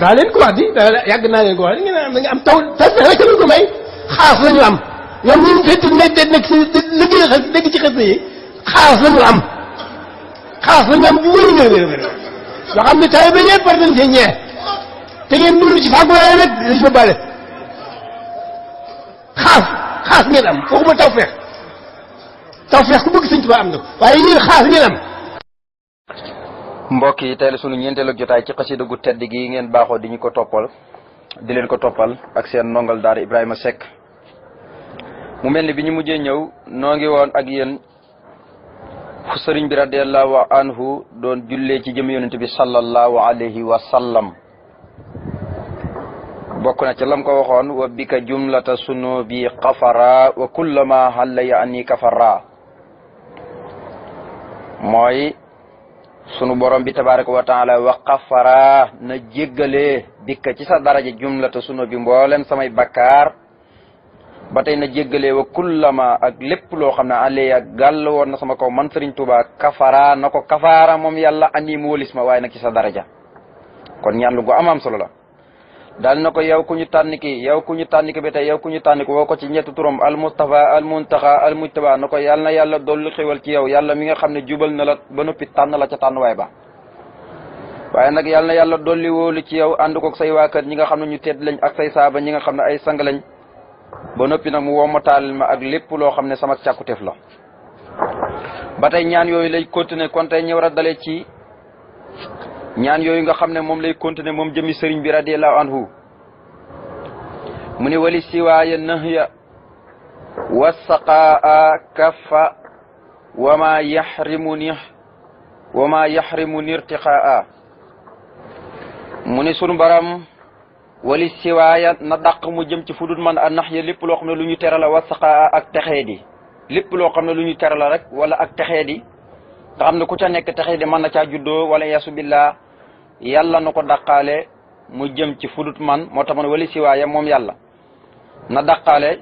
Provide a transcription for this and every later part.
daa leen ko wax di yàgg naa leen ko wax dañu am taw tawfeex rek lañ ko xaas la ñu am ñoom ñun fekk nekk ci xas xaas la am xaas am bu wér wér wér yoo xam ne taw bi ñëpp war nañ see ñee te ngeen mënul ci fàggu waaye xaas ngeen am waxuma tawfeex tawfeex ku bëgg Sëñ Tuubaa am na ko waaye ñun xaas ngeen am. mbokk yi la sunu ñeenteelu jotaay ci xasida gu tedd gi ngeen baaxoo di ko toppal. di leen ko toppal ak seen ndongal daara Ibrahima Seck mu mel ni bi ñu mujjee ñëw noo ngi woon ak yen fu sëriñ bi radiallahu anhu doon jullee ci jëm yonent bi sallallahu alayhi wa sallam bokk na ci lam ko waxoon wa bika jumlata sunubi xafara wa kullama xalla ya ani kafara mooy sunu borom bi ko wa taala wa kafara na jéggalee bikka ci sa daraja jumlata sunu bi mboolem samay bakkaar ba tey na jéggalee wa kullama ak lépp loo xam ne ale ak gàll woon na sama ko man sëriñ Tuubaa kafara na ko kafaara moom yàlla andi mu wëlis ma waaye nag ci sa daraja kon ñaan lu go amaam solo la daal na ko yow ku ñu tànn ki yow ku ñu tànn ki bi tey yow ku ñu tànn ki ko ci ñetti turam al mustafa al muntaxa al mujtaba na ko yàlla na yàlla dolli xéwal ci yow mi nga xam ne jubal na la ba noppi tànn la ca tànnuwaay ba waaye nag yàlla na yàlla dolli wóolu ci yow ànd koog say waa kër ñi nga xam ne ñu tedd lañ ak say saaba ñi nga xam ne ay sang lañ ba noppi nag mu womataal ma ak lépp loo xam ne sama càkkuteef la tey ñaan yooyu lay continuer kon tey ñu war dalee ci ñaan yooyu nga xam ne moom lay continuer moom jëmi sëriñ bi radiallahu anhu mu ne wali siwaaya nahya wasaqaa kaffa wa ma yaxrimu ni wa ma yaxrimu nirtiqaa mu ne sunu baram wali siwaaya na dàq mu jëm ci fudut man a nax ya lépp loo xam ne lu ñu tera la wasaqaa ak texee di lépp loo xam ne lu ñu tera rek wala ak texee di te xam ne ku ca nekk taxe di mën na caa juddoo wala yasu billah yàlla nu ko daqaale mu jëm ci fudut man moo tax man wali siwaaya moom yàlla na daqaale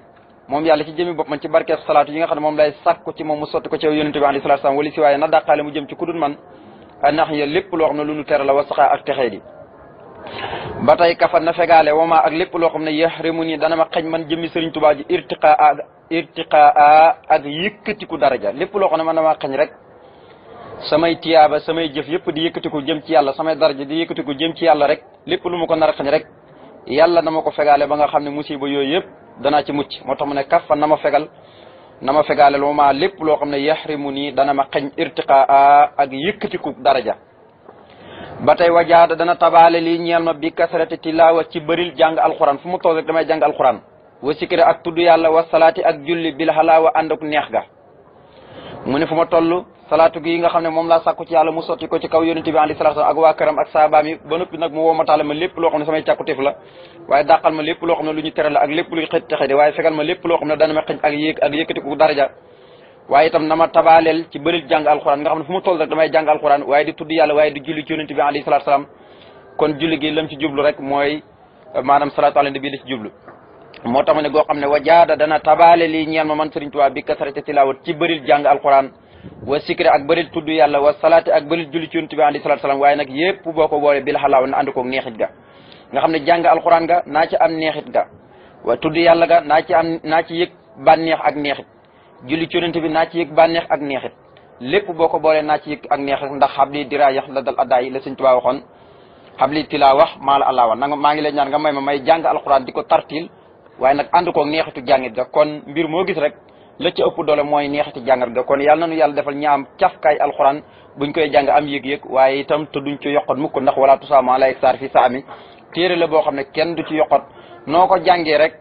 moom yàlla ci jëmi bopp man ci barkeeb salaatu yi nga xam ne moom lay sàkku ci mom mu sotti ko ci yonente bi alayhi salaatu salaam wali siwaaya na daqaale mu jëm ci kudut man ndax ya lépp loo xam ne lu nu tere la wasaxaa ak texee di ba tey kafa na fegaale wama ak lépp loo xam ne yaxrimu ni dana ma xañ man jëmmi sëriñ tubaa ji irtiqaa irtiqaa ak yëkkatiku daraja lépp loo xam ne man dama xañ rek samay tiyaaba samay jëf yëpp di yëkkatiku jëm ci yàlla samay daraja di yëkkatiku jëm ci yàlla rek lépp lu ma ko nar rek yàlla na ma ko fegaale ba nga xam ne musiba yooyu yëpp dana ci mucc moo tax mu ne kaffa na ma fegal na ma fegaale lu ma lépp loo xam ne yaxrimu nii dana ma xañ irtiqaa ak yëkkatiku daraja ba tey wajaada dana tabale lii ñeel ma bi kasarati tilaawa ci baril jàng alxuraan fu mu toog rek damay jàng alxuraan wa sikira ak tudd yàlla wa salaati ak julli bil halaawa ànd ak neex ga salaatu gi nga xam ne moom laa sàkku ci yàlla mu sotti ko ci kaw yonente bi alayhi salaatu ak waa këram ak saabaam yi ba noppi nag mu woomataale ma lépp loo xam ne samay càkkutéef la waaye dàqal ma lépp loo xam ne lu ñu tere la ak lépp luy xëj texe de waaye fegal ma lépp loo xam ne dana ma xëj ak yéeg ak yëkkatiku daraja waaye itam na ma tabaaleel ci bëril jàng alxuraan nga xam ne fu mu toll rek damay jàng alxuraan waaye di tudd yàlla waaye di julli ci yonente bi alayhi salaatu salaam kon julli gi lam ci jublu rek mooy maanaam salaatu ala nabi la ci jublu moo tax ma ne goo xam ne wajaada dana tabaale lii ñeel ma man sëriñ Tuubaa bi kasarate tilawat ci bëril jàng alxuraan wa sikri ak bëril tudd yàlla wa salaate ak bëril julli ci yonent bi alayhi salaatu salaam waaye nag yépp boo ko boole bil xalaaw na ànd koog neexit ga na xam ne jàng alxuraan ga naa ci am neexit ga wa tudd yàlla ga naa ci am naa ci yëg bànneex ak neexit julli ci yonent bi naa ci yëg bànneex ak neexit lépp boo ko boolee naa ci yëg ak neexit ndax xabli diraayax la dal addaay la sëñ Tuubaa waxoon xabli tilaa wax maa la allaa wax nanga maa ngi lay ñaan nga may ma may jàng alxuraan di ko tartil waaye nag ànd koog neexitu jàngit ga kon mbir moo gis rek la ci ëpp doole mooy neexati jàngat ga kon yàlla nanu yàlla defal ñaam cafkaay alxuraan buñ koy jàng am yëg-yëg waaye itam te duñ mukk ndax wala tusaama lay saar fi saami téere la boo xam ne kenn du ci yokkat noo jàngee rek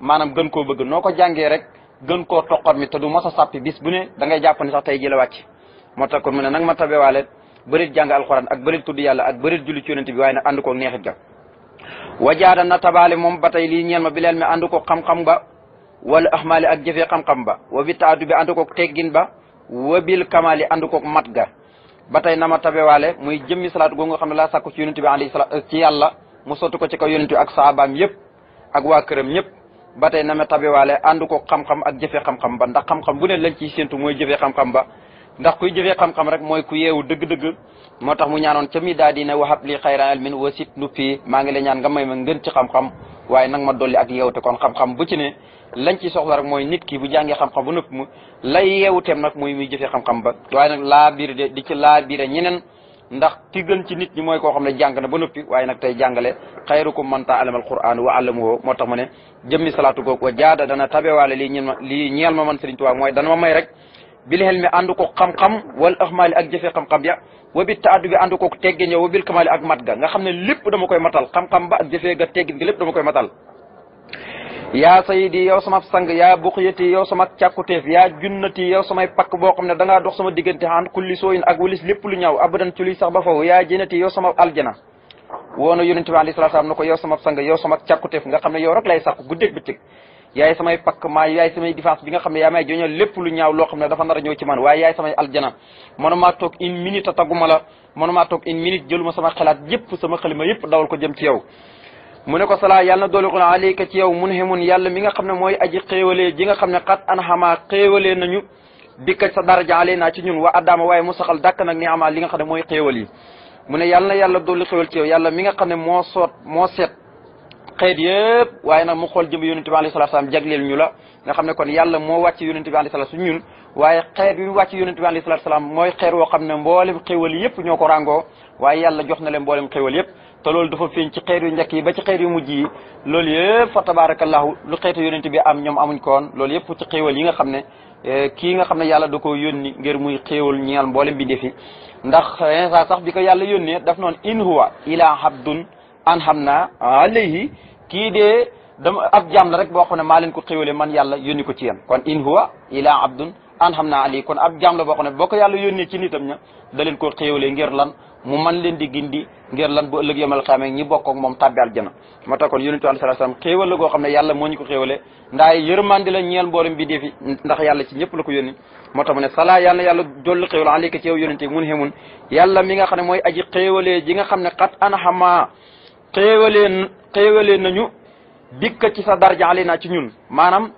maanaam gën koo bëgg noo ko jàngee rek gën koo toqat mi te du mos a sàppi bis bu ne da ngay jàpp ne sax tey ji la moo ta kon mu ne nag ma tabewaale bërit jàng alxuraan ak bërit tudd yàlla ak bërit julli ci yonent bi waaye nag ànd koo neexit ga wajaada na tabaale moom ba tey lii ñeen ma wal ahmaali ak jëfee xam-xam ba wa bi taatu bi ànd koog teggin ba wa bil kamaali ànd kook mat ga ba tey na ma tabewaale muy jëmmi salaatu googu nga xam ne laa sàkku ci yonent bi alayhi salaatu ci yàlla mu sotti ko ci ka yonent bi ak saabaam yëpp ak waa këram ñëpp ba tey na ma tabewaale ànd koog xam-xam ak jëfee xam-xam ba ndax xam bu ne lañ ciy séentu mooy jëfee xam ba ndax kuy jëfee xam-xam rek mooy ku yeewu dëgg-dëgg moo tax mu ñaanoon ca mi daa dina wahab li xayran ilmin wasit nuppi maa ngi la ñaan nga may ma ngën ci xam-xam waaye nag ma dolli ak yeewte kon xam bu ci ne lañ ci soxla rek mooy nit ki bu jàngee xam-xam ba noppi mu lay yeewuteem nag mooy muy jëfee xam-xam ba waaye nag laa biir de di ci laa biire ñeneen ndax ki gën ci nit ñi mooy koo xam ne jàng na ba noppi waaye nag tey jàngale xayrukum man taallama alquran wa allamuhu moo tax mu ne jëmmi salaatu googu wa jaada dana tabewaale lii ñeel ma lii ñeel ma man Sëriñ Tuubaa mooy dana ma may rek bil helmi ànd ko xam-xam wal ahmaali ak jëfee xam-xam ya wa bi taaddu bi ànd ko teggin ya wa bil kamaali ak mat ga nga xam ne lépp dama koy matal xam ba ak jëfee ga teggin ga lépp dama koy matal yaa sayidi yow sama sang yaa buqyati yow sama càkkutéef yaa junnati yow samay pakk boo xam ne dangaa dox sama diggante xan kulli sooyin ak walis lépp lu ñaaw abadan ci sax ba faw yaa jënati sama aljana woona yonent na ko yow sama sang yow sama càkkutéef nga xam ne yow rek lay sax guddeeg bëccëg yaay samay pakk maa yaay samay défense bi nga xam ne yaa may joñal lépp lu ñaaw loo xam ne dafa nar a ñëw ci man waaye yaay samay aljana mënumaa toog une minute a taguma la mënumaa toog une minute jëluma sama xalaat yëpp sama xalima yëpp dawal ko jëm ci yow mu ne ko salaa yàlla na doolikon aleyka ci yow mun hemun yàlla mi nga xam ne mooy aji xéewalee ji nga xam ne xat an xamaa xéewalee nañu bikka sa daraja ale naa ci ñun wa addaama waaye mu saxal dàkk nag ni amaa li nga xam ne mooy xéewal yi mu ne yàlla na yàlla dolli xéewal ci yow yàlla mi nga xam ne moo soot moo seet xeet yëpp waaye na mu xool jëmb yonente bi alayhi salaam jagleel ñu la nga xam ne kon yàlla moo wàcc yonente bi alayhi salaam su ñun waaye xeet yu wàcc yonente bi alayhi salaam mooy xeet xam ne mboolem xéewal yëpp ñoo ko ràngoo waaye yàlla jox na leen mboolem xéewal yëpp te loolu dafa feeñ ci xeer yu njëkk yi ba ci xeer yu mujj yi loolu yëpp fa tabaarakallahu lu xeetu yonent bi am ñoom amuñ ko woon loolu yëpp ci xéewal yi nga xam ne eh, kii nga xam ne yàlla da ko yónni ngir muy xéewal ñeel mboolem bi defi ndax Insa sax bi ko yàlla yónnee daf noon in huwa ila abdun anhamna alayhi kii dee dama ab jaam la rek boo xam ne maa leen ko xéwalee man yàlla yónni ko ci yéen kon in huwa ila abdun anhamna alayhi kon ab jaam la boo xam ne boo ko yàlla yónnee ci nii tam ña da leen ko xéwalee ngir lan mu man leen di gindi ngir lan bu ëllëg yomal xaamee ñi bokk ak moom tàbbi aljana moo tax kon yonent bi sallallahu alayhi wasallam xéewal la goo xam ne yàlla moo ñu ko xéewale ndaay yërmande la ñeel mboolem bi ndax yàlla ci ñëpp la ko yónni moo tax mu ne salaa yàlla na yàlla dolli xéewal aleyka ci yow yonente mun xemun mi nga xam ne mooy aji xéewalee ji nga xam ne xat anxama xéewalee xéewalee nañu dikk ci sa daraja ale naa ci ñun maanaam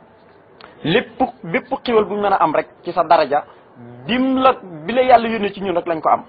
lépp bépp xéewal bu ñu mën a am rek ci sa daraja dim la bi la yàlla yónni ci ñun rek lañ ko am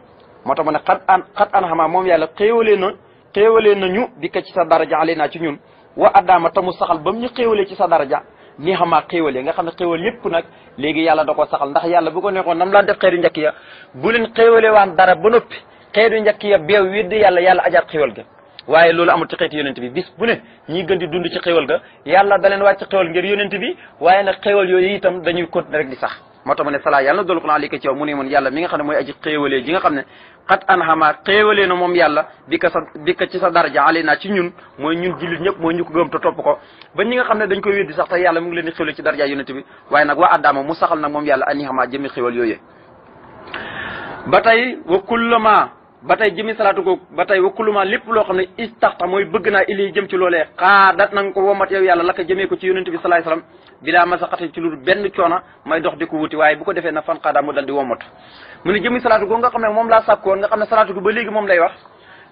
moo tax mu ne xat an xat an xamaa moom yàlla xéewalee na xéewalee nañu bi ka ci sa daraja ale naa ci ñun wa a addaama tamu saxal ba mu ñu xéewalee ci sa daraja nii xamaa xéewalee nga xam ne xéewal yépp nag léegi yàlla da koo saxal ndax yàlla bu ko neexoon nam laa def xeetu njëkk ya bu leen xéewalee waan dara ba noppi xeetu njëkk ya beew weddi yàlla yàlla ajaat xéewal ga waaye loolu amul ci xeeti yonent bi bis bu ne ñiy gën di dund ci xéewal ga yàlla da leen wàcc xéewal ngir yonent bi waaye nag xéewal yooyu itam dañuy continuer rek di sax moo tax mu ne salaa yàlla na dolu ko naa li ko ci yow mu ne mun yàlla mi nga xam ne mooy aji xéewalee ji xam ne xat an xamaa xéewalee moom yàlla bi sa bi ci sa daraja ali naa ci ñun mooy ñun jullit ñëpp mooy ñu ko gëm te topp ko ba ñi nga xam ne dañ koy weddi sax te yàlla mu ngi leen di xéwale ci daraja yonent bi waaye nag waa addaama mu saxal nag moom yàlla ani ma jëmi xéwal yooyee ba tey wa kullama ba tey jëmi salaatu googu ba tey wa kulluma lépp loo xam ne istaxta mooy bëgg naa jëm ci loolee xaadat na nga ko yàlla la ko jëmee ko ci yonent bi salaay salaam bilaa masaqatin ci lu benn coona may dox di ko wuti waaye bu ko defee na fan xaadaa mu dal di womatu mu ne jëmi salaatu googu nga xam ne moom laa sàkkoon nga xam ne salaatu gi ba léegi moom lay wax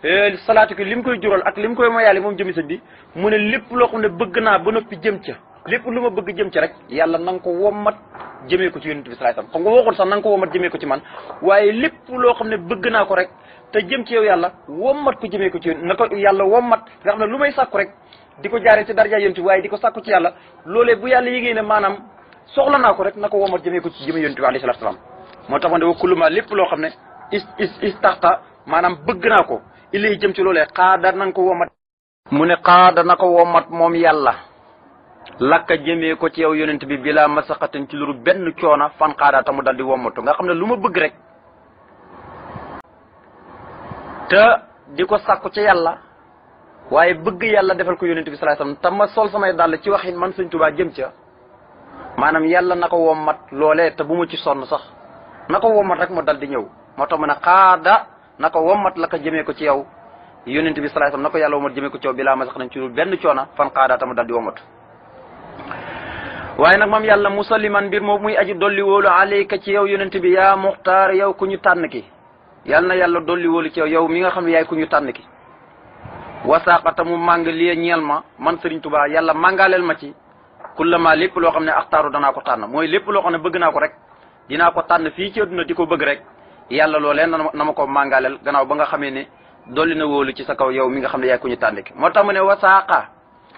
e, salaatu gi li mu koy jural ak li mu koy moyaale moom jëmi sëñ bi mu ne lépp loo xam ne bëgg naa ba noppi jëm ca lépp lu ma bëgg jëm ci rek yàlla na nga ko wommat jëmee ko ci yonent bi salaay sam xam nga waxul sax na nga ko wommat jëmee ko ci man waaye lépp loo xam ne bëgg naa ko rek te jëm ci yow yàlla wommat ko jëmee ko ci na ko yàlla wommat nga xam ne lu may sàkku rek di ko jaaree ci darja yonti waaye di ko sàkku ci yàlla loolee bu yàlla yégée ne maanaam soxla naa ko rek na ko wommat jëmee ko ci jëmee yonti bi alayhi salaam moo tax ma ne wa lépp loo xam ne is maanaam bëgg naa ko ilay jëm ci loolee xaadar nañ ko wommat mu ne xaadar na ko wommat moom yàlla lakka jëmee ko ci yow yonent bi bila masaqatin ci luru benn coona fan xaadaa tamu dal di wommatu nga xam ne lu ma bëgg rek te di ko sàkku ci yàlla waaye bëgg yàlla defal ko yonent bi sallallahu alayhi wasallam te ma sol samay dàll ci waxin man sëñ Tuubaa jëm ca maanaam yàlla na ko wommat loolee te bu mu ci sonn sax na ko wommat rek mu dal di ñëw moo tax mu ne xaada na ko wommat la ko jëmee ko ci yaw yonent bi sallallahu alayhi wasallam na ko yàlla wommat jëmee ko ci yow bi laa ma sax na ci benn coona fan xaada ta mu dal di wommat waaye nag moom yàlla musalliman mbir moom muy aji dolli wóolu alayka ci yow yonent bi yaa ku ñu ki yal na yàlla dolli wóolu ci yow mi nga xam ne yaay ku ñu tànn ki wasaaxata mu màng lii ñeel ma man Serigne tubaa yalla màngaaleel ma ci kullama lépp loo xam ne axtaaru danaa ko tànn mooy lépp loo xam ne bëgg naa ko rek dinaa ko tànn fii ci adduna di ko bëgg rek yàlla loolee na ma ko màngaaleel gannaaw ba xamee ne dolli na wóolu ci sa kaw yow mi nga xam ne yaay ñu tànn ki moo tax mu ne wasaaqa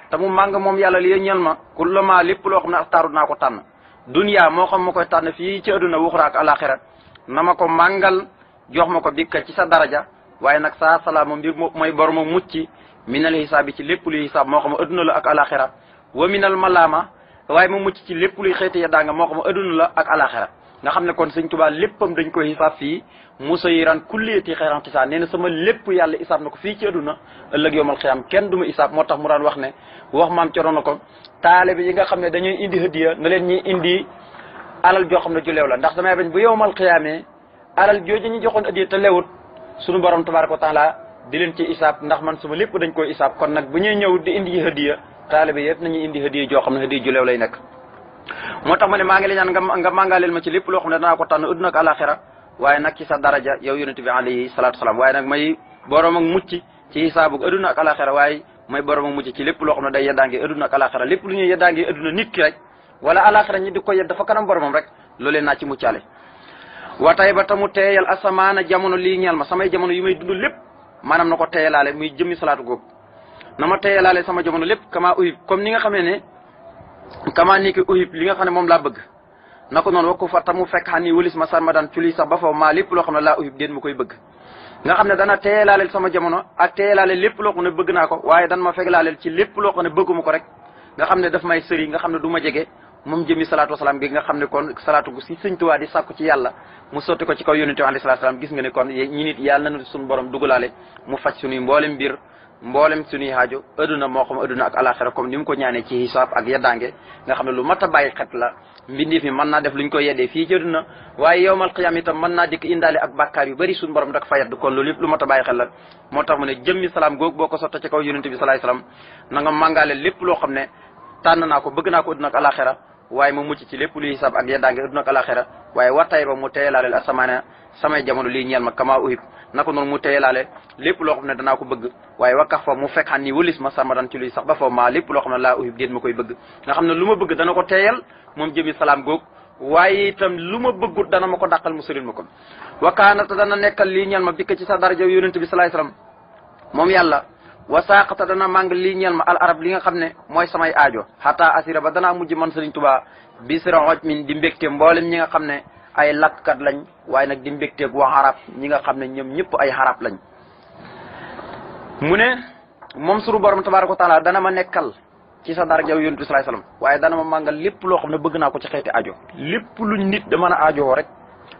te mu màng moom yàlla lii ñeel ma kullama lépp loo xam ne axtaaru danaa ko tànn duniya moo xam ma koy tànn fii ci adduna wuxura ak na ma ko màngal jox ma ko bikka ci sa daraja waaye nag saa salaama mbir mooy bor ma mucc minal xisaab bi ci lépp luy xisaab moo xam a adduna la ak alaxira wa minal malaama waaye mu mucc ci lépp luy xeeti ya daanga moo xam ne la ak alaxira nga xam ne kon sëñ tubaa léppam dañ koy xisaab fii musa yiran kulliyeeti xeeran xisaab nee na sama lépp yàlla isaab na ko fii ci adduna ëllëg yomal xiyaam kenn du ma isaab moo tax mu daan wax ne wax maam coro na ko taalibe yi nga xam ne dañuy indi hëddiya na leen ñuy indi alal joo xam ne ju la ndax damay bañ bu yowmal xiyaamee alal jooju ñu joxoon addiya te lewut sunu borom tabaaraka wa taala di leen ci isaab ndax man suma lépp dañ koy isaab kon nag bu ñuy ñëw di indi hadiya taalibe yëpp nañuy indi hadiya joo xam ne hadiya ju leew lay nekk moo tax ma ne maa ngi la ñaan nga nga màngaaleel ma ci lépp loo xam ne a ko tànn adduna ak alaxira waaye nag sa daraja yow yonente bi alayhi salaatu salaam waaye nag may borom ak mucc ci isaabu adduna ak alaxira waaye may borom ak loo xam ne day yeddaange adduna ak alaxira lépp lu ñuy yeddaange kanam boromam rek loolee naa ci wa tay ba tamu teeyal asamaana jamono lii ñeel ma samay jamono yi may dund lépp maanaam na ko teeyalaale muy jëmmi salaatu googu na ma teeyalaale sama jamono lépp kama comme ni nga xamee ne kama ni ki li nga xam ne moom laa bëgg na ko noonu wakku fa tamu fekk xan ni wëlis ma sarmadan ci lii sax ba fa maa lépp loo xam ne laa uhib déen mu koy bëgg nga xam ne dana teeyalaaleel sama jamono ak teeyalaale lépp loo xam ne bëgg naa ko waaye dan ma feglaaleel ci lépp loo xam ne bëgguma ko rek nga xam ne daf may sëri nga xam ne du ma jege moom jëmi salaatu wasalaam gi nga xam ne kon salaatu gu si sëñ Tuubaa di sàkku ci yàlla mu sotti ko ci kaw yonente bi alayhi salaatu wasalaam gis nga ne kon ñi nit yàlla na suñu borom dugalaale mu faj suñuy mboolem mbir mboolem suñuy haajo adduna moo xam adduna ak alaxira comme ni mu ko ñaanee ci hisaab ak yeddaange nga xam ne lu mat a bàyyi xet la mbindeef mi mën naa def luñ ko yeddee fii ci adduna waaye yowmal qiyaam itam mën naa dikk indaale ak bàkkaar yu bëri suñu borom dak fa yedd kon loolu yëpp lu mat a bàyyi xel la moo tax mu ne jëmmi salaam googu boo ko sotta ci kaw yonente bi salaay salaam na nga màngaale lépp loo xam ne tànn naa ko bëgg naa ko adduna ak alaxira waaye mu mucc ci lépp luy sab ak yeddaange adduna ak alaxira waaye wa tay ba mu teeyalaale asamaana samay jamono lii ñeel mu teeyalaale lépp loo xam ne danaa ko bëgg waaye wakkax fa mu fekk xan ni wëlis ma samadan ci luy sax ba foofu maa lépp loo xam ne laa uhib déet ma koy bëgg nga xam ne lu ma bëgg dana ko teeyal moom jëmi salaam goog waaye itam lu ma bëggut dana ma ko dàqal mu sëlil ma ko wakaanata dana nekkal lii ñeel ma bikk ci sa daraja yonent bi salaay salaam moom yàlla wa ta dana màng lii ñeel ma al arab li nga xam ne mooy samay aajo xataa asira ba danaa mujj man sëriñ tubaa bi sira xooj min di mbégte mboolem ñi nga xam ne ay lakkat lañ waaye nag di mbégteeg wax arab ñi nga xam ne ñoom ñëpp ay arab lañ mu ne moom suru borom tabaaraka wa taala dana ma nekkal ci sa daraja yonent bi salaay salaam waaye dana ma màngal lépp loo xam ne bëgg naa ko ci xeeti aajo lépp luñ nit da mën a aajowoo rek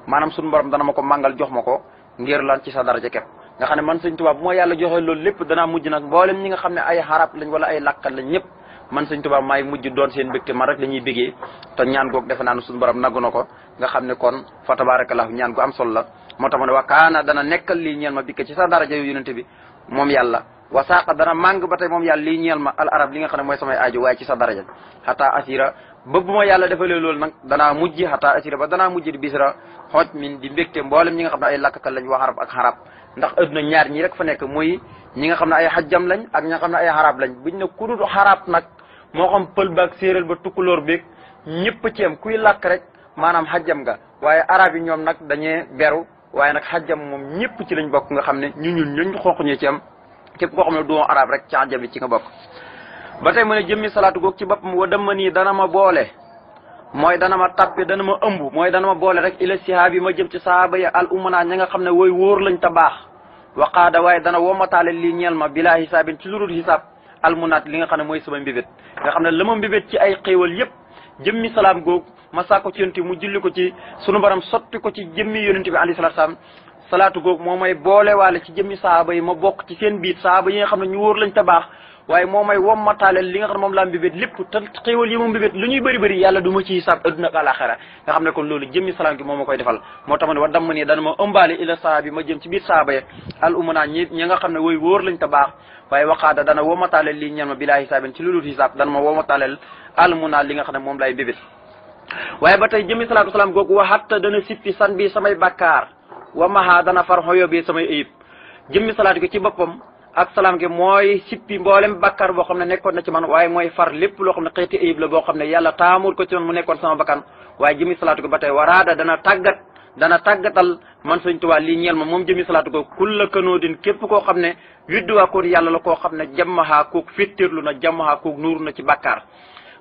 maanaam sunu borom dana ma ko màngal jox ma ko ngir lan ci sa daraja nga xam ne man sëñ Tuubaa bu ma yàlla joxee loolu lépp danaa mujj nag mboolem ñi ne ay xarab lañ wala ay làkkat lañ ñëpp man sëñ Tuubaa mujj doon seen mbégte man rek la ñuy bégee te ñaan goog defe naa ne suñu borom nagu na ko nga xam ne kon fa tabaarakallaahu ñaan gu am solo la moo tax ma ne waa kaana dana nekkal lii ñeel ma bikk ci sa daraja yu yonente bi moom yàlla wasaaqa dana màng ba tey moom yàlla lii ñeel ma al arab li nga xam ne mooy samay aajo waaye ci sa daraja xataa asira ba bu ma yàlla defalee loolu nag danaa mujj xataa asira ba dana mujj di bisra xooj min di mbégte mboolem ñi nga xam ne ay làkkat lañ wax arab ak xarab ndax adduna ñaar ñi rek fa nekk muy ñi nga xam ne ay xajjam lañ ak ñi nga xam ne ay xaraab lañ buñ ne ku dul xaraab nag moo xam pël baag séeréer ba tukkulóor beeg ñëpp ci am kuy làkk rek maanaam xajjam nga waaye arab yi ñoom nag dañee beru waaye nag xajjam moom ñëpp ci lañ bokk nga xam ne ñu ñun ñuñ xonq ñi ci am képp koo xam ne doo arab rek ci xajjam yi ci nga bokk ba tey mu ne jëmmi salaatu goog ci boppam wa dama nii dana ma boole mooy dana ma tàppe dana ma ëmb mooy dana ma boole rek ila sihaab ma jëm ci sahaaba ya al umanaa ña nga xam ne wooy wóor lañ ta baax waqaada waaye dana womataale lii ñeel ma bilaa hisaabin ci lu lurul hisaab almunaat li nga xam ne mooy sama mbibét nga xam ne la ma mbibét ci ay xéewal yépp jëmmi salaam goog ma sàkko ci yonent mu julli ko ci sunu baram sotti ko ci jëmmi yonent bi alayhi salaatu salaam salaatu googu moo may boole waale ci jëmmi sahaaba yi ma bokk ci seen biir sahaaba yi xam ne ñu wóor lañ ta baax waaye moo may wommataaleel li nga xam ne moom laa mbébét lépp te xéewal yi moom mbébét lu ñuy bëri bëri yàlla du ma ci hisaab adduna ak alaxira nga xam ne kon loolu jëmmi salaam gi moo ma koy defal moo tax ma ne wa damm ma ëmbaale ila saa bi ma jëm ci biir saaba ya al umana ñi ñi nga xam ne wooy wóor lañ te baax waaye waxaada dana wommataaleel lii ñen ma bilaa hisaabin ci loolu hisaab dana ma wommataaleel al munaa li nga xam ne moom laay mbébét waaye ba tey jëmmi salaatu salaam googu wa hatta dana sippi san bi samay bakkaar wa maxaa dana far xoyo bi samay ayib jëmmi salaatu gi ci boppam ak salaam gi mooy sippi mboolem bakkar boo xam ne nekkoon na ci man waaye mooy far lépp loo xam ne xeeti ayib la boo xam ne yàlla taamul ko ci man mu nekkoon sama bakkan waaye jëmi salaatu ko ba tey waraada dana tàggat dana tàggatal man sëñ Tuubaa lii ñeel ma moom jëmi salaatu ko kulla kanoo din képp koo xam ne widduwaa koon yàlla la koo xam ne jammahaa koog féttéerlu na jammahaa koog nuuru na ci bakkaar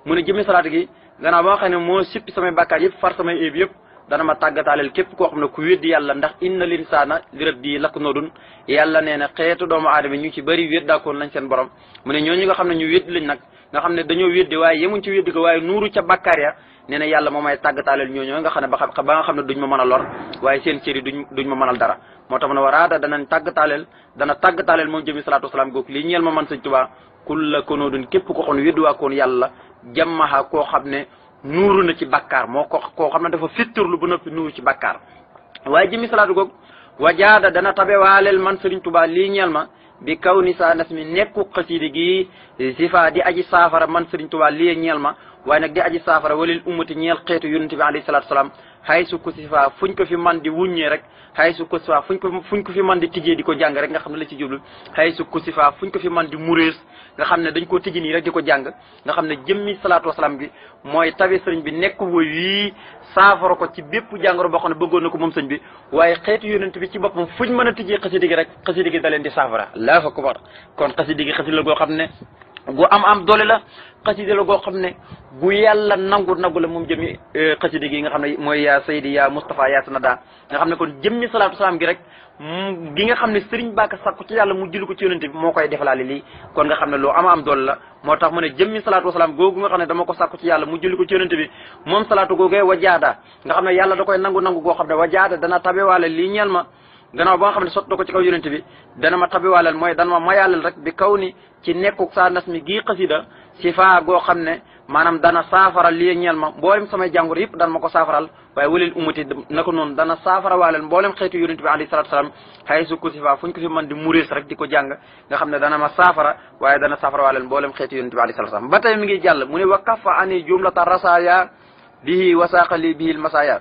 mu ne jëmi salaatu gi gannaaw ba nga xam ne moo sippi samay bakkaar yëpp far samay ayib yëpp dana ma tàggataaleel képp koo xam ne ku weddi yàlla ndax inna linsaana li rabbi lakanoodun yàlla nee na xeetu doomu aadama ñu ci bëri weddaakoon lañ seen borom mu ne ñooñu nga xam ne ñu weddi lañ nag nga xam ne dañoo weddi waaye yemuñ ci weddi ko waaye nuuru ca bàkkaar ya nee na yàlla moo may tàggataaleel ñooñoo nga xam ne ba xam ba nga xam ne duñ ma mën a lor waaye seen cëri duñ duñ ma mënal dara moo tax mu ne waraada danañ tàggataaleel dana tàggataaleel moom jëmi salaatu wasalaam googu lii ñeel ma man sëñ Tuubaa kul la konoodun képp ko xam ne weddi koo xam ne nuuru na ci bakkaar moo ko koo xam ne dafa fittirlu bu noppi nuuru ci bakkaar waaye jëmi salaatu googu wajaada dana waaleel man Sëriñ tubaal lii ñeel ma bi kaw ni saa nas mi nekku xasiidi gi sifa di aji saafara man Sëriñ tubaal lii ñeel ma waaye nag di aji saafara walil ummati ñeel xeetu yonente bi alayhi salaatu salaam xay su ko si faa fuñ ko fi man di rek xay ko si faa fuñ ko fuñ ko fi man di tijjee di ko jàng rek nga xam ne la ci jublu xay su ko si faa fi man di murees xam ne dañ koo tijji nii rek di ko jàng nga xam ne jëmmi salaatu wasalaam bi mooy tawe sëriñ bi nekk woy yii saafara ko ci bépp jàngoro boo ne bëggoon na ko moom sëñ bi waaye xeetu yonent bi ci boppam fuñ mën a tijjee xasida gi rek xasida gi da leen di saafara laa fa ko war kon xasida gi xasida la goo xam ne gu am am doole la xasida la goo xam ne gu yàlla nangu nagu la moom jëmmi euh, xasida gi nga xam ne mooy yaa saydi yaa Moustapha yaa sanada nga xam ne kon jëmmi salaatu salaam gi rek mm, gi nga xam ne Serigne Bakka sàkku ci yàlla mu jël ko ci yonente bi moo koy defalaale lii kon nga xam ne loo ama am doole la moo tax mu ne jëmmi salaatu wasalaam googu nga xam ne dama ko sàkku ci yàlla mu jël ko ci yonente bi moom salaatu googee wajaada nga xam ne yàlla da koy nangu nangu goo xam ne wajaada dana tabewaale lii ñeel ma gannaaw ba nga xam ne sot na ko ci ma tabiwaalal mooy dana ma goo xam ne maanaam dana saafaral lii ñeel ma mboolem samay jàngur yëpp dana ma ko saafaral waaye walil ummati naka noonu dana saafara waaleel mboolem xeetu yonent bi alayhi salaatu salaam xay su ko sifaa di ko jàng nga xam ne dana ma saafara waaye dana safara waaleel mboolem xeetu yonent bi alayhi ba tey mi ngi jàll mu ne wa kafa ani jumlata rasaya bihi wasaqali bihi lmasaya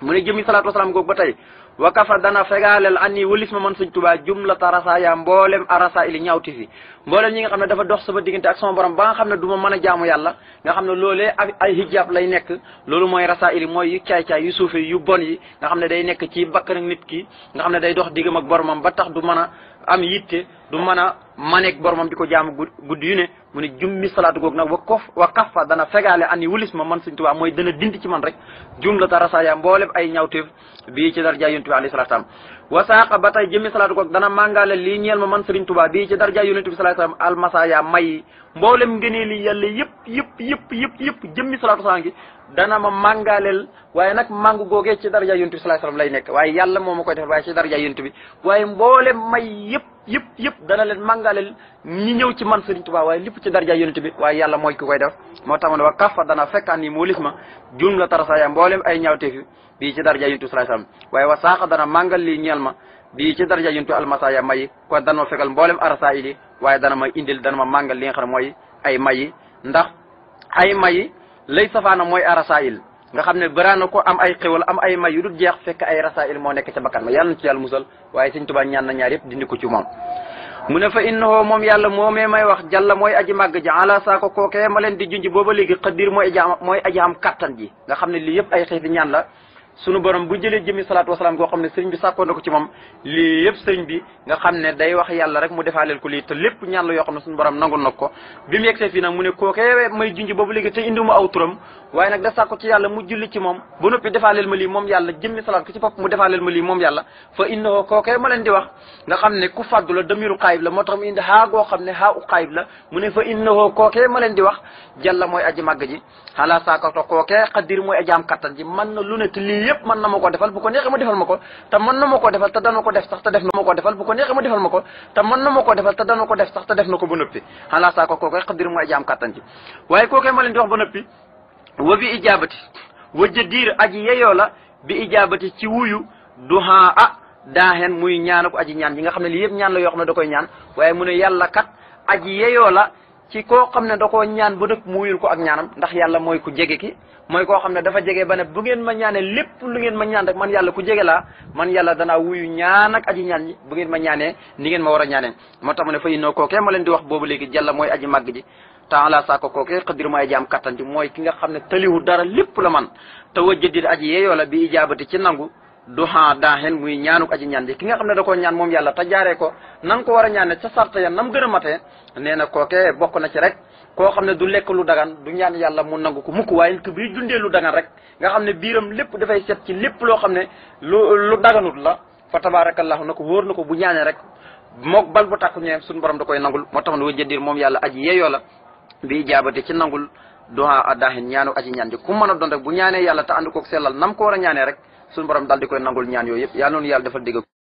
mu ne jëmi salaatu wasalaam googu ba tey wa kafa dana fegaaleel anni wëlis ma man sëñ tubaa jumlata rasaaya mboolem arasa ili ñaawti fi mboolem ñi nga xam ne dafa dox sama diggante ak sama borom ba nga xam ne du ma mën a jaamu yàlla nga xam ne loolee ay hijab lay nekk loolu mooy rasa ili mooy yu caay-caay yu suufe yu bon yi nga xam ne day nekk ci bakkan ak nit ki nga xam ne day dox diggam ak boromam ba tax du mën a am yitte du mën a maneeg boromam di ko jaamu guddi yu ne mu ne jummi salaatu googu nag wa kof wa kafa dana fegaale ani wulis ma man suñ tubaab mooy dana dindi ci man rek jumla ta rasaaya mboolem ay ñawteef bii ci darja yonent bi alayhi salaatu salaam wasaaqa ba tey jëmmi salaatu goog dana màngaale lii ñeel ma man Serigne Touba bii ci darja yonent bi salaatu salaam almasaya may mboolem ngëneeli yàlla yëpp yëpp yëpp yëpp yëpp jëmmi salaatu salaam gi dana ma màngaaleel waaye nag màngu googee ci darja yonent bi salaatu salaam lay nekk waaye yàlla moo ma koy defal waaye ci darja bi waaye mboolem may yëpp yëpp yëpp dana leen màngaaleel ñi ñëw ci man Serigne Touba waaye lépp ci darja yonent bi waaye yàlla mooy ki koy def moo tax ma ne wa kafa dana fekkaan yi moo lis ma jumla tarasaya mboolem ay ñaawteef yi bii ci darja yuntu sallallahu alayhi waaye wa saaqa dana màngal lii ñeel ma bii ci darja yuntu almasaya mayi kon dana ma fegal mboolem arasa ili waaye dana ma indil dana ma màngal li nga xam ne mooy ay mayi ndax ay mayi lay safaana mooy arasail nga xam ne baraana ko am ay xéwal am ay may yu dul jeex fekk ay rasail moo nekk ca bakkan ma yàlla na ci yàlla musal waaye sëñ Tuubaa ñaan na ñaar yëpp dindi ko ci moom mu ne fa innahu moom yàlla moomee may wax jàlla mooy aji màgg ji ala saako kookee ma leen di junj booba léegi xaddir mooy aji am mooy aji am kattan ji nga xam ne sunu borom bu jëlee jëmi salaatu wasalaam koo xam ne sëriñ bi sàkkoon na ko ci moom lii yëpp sëriñ bi nga xam ne day wax yàlla rek mu defaaleel ko lii te lépp ñaan la yoo xam na ko bi mu yegsee fii te indi mu aw turam ma leen di wax nga xam ne ku fàddu la damiru xaayib la moo tax mu indi haa goo xam ne haa u xaayib la mu ne fa innahu kookee ma leen di wax jàlla mooy aji màgg ji xalaa sàkko kookee xaddir mooy ajaam kattan ji mën na lu ne yépp yëpp mën na ma ko defal bu ko neexee mu defal ma ko te mën ma ko defal te dana ko def sax te def na ko defal bu ko neexee mu defal ma ko te mën na ma ko defal te dana ko def sax te def na ko ba noppi xanaa saa ko kookoy xadir mooy jaam kàttan ci waaye kookoy ma leen di wax ba noppi wa bi ijaabati wa jadiir aji yeyoo la bi ijaabati ci wuyu duhaa a daaxeen muy ñaana ko aji ñaan yi ga xam ne lii yëpp ñaan la yoo xam ne da koy ñaan waaye mu ne yàlla kat aji yeyoo la ci koo xam ne da koo ñaan ba nag mu wuyul ko ak ñaanam ndax yàlla mooy ku jege ki mooy koo xam ne dafa jege ba ne bu ngeen ma ñaane lépp lu ngeen ma ñaan rek man yàlla ku jege laa man yàlla danaa wuyu ñaan ak aji ñaan ñi bu ngeen ma ñaanee ni ngeen ma war a ñaanee moo tax mu ne fa innoo kookee ma leen di wax boobu léegi jàlla mooy aji màgg ji taala saako kookee xadir mooy aji am kattan ji mooy ki nga xam ne taliwu dara lépp la man te wajjadid aji yeeyoo la bi ijaabati ci nangu duha daaxen muy ñaanuk aji ñaan ji ki nga xam ne da koo ñaan moom yàlla ta jaaree ko nan ko war a ñaane ca sarta ya nam gën matee nee na kooke bokk na ci rek koo xam ne du lekk dagan du ñaan yàlla mu nangu ko mukk waaye dundee lu dagan rek nga xam ne biiram lépp dafay set ci lépp loo xam ne lu lu daganut la fa tabaarakallahu na ko wóor na ko bu ñaanee rek mook bal bu tàkku ñëwee suñu borom da koy nangul moo tax ne wa jëddiir moom yàlla aji yeeyoo la bi jaabate ci nangul duha daaxen ñaanu aji ñaan ji ku mën a doon rek bu ñaanee yàlla ta ànd kook sellal nam ko war a ñaanee rek sun borom daal di koy nangul ñaan yooyu yëpp yàlla noonu yàlla defal dégg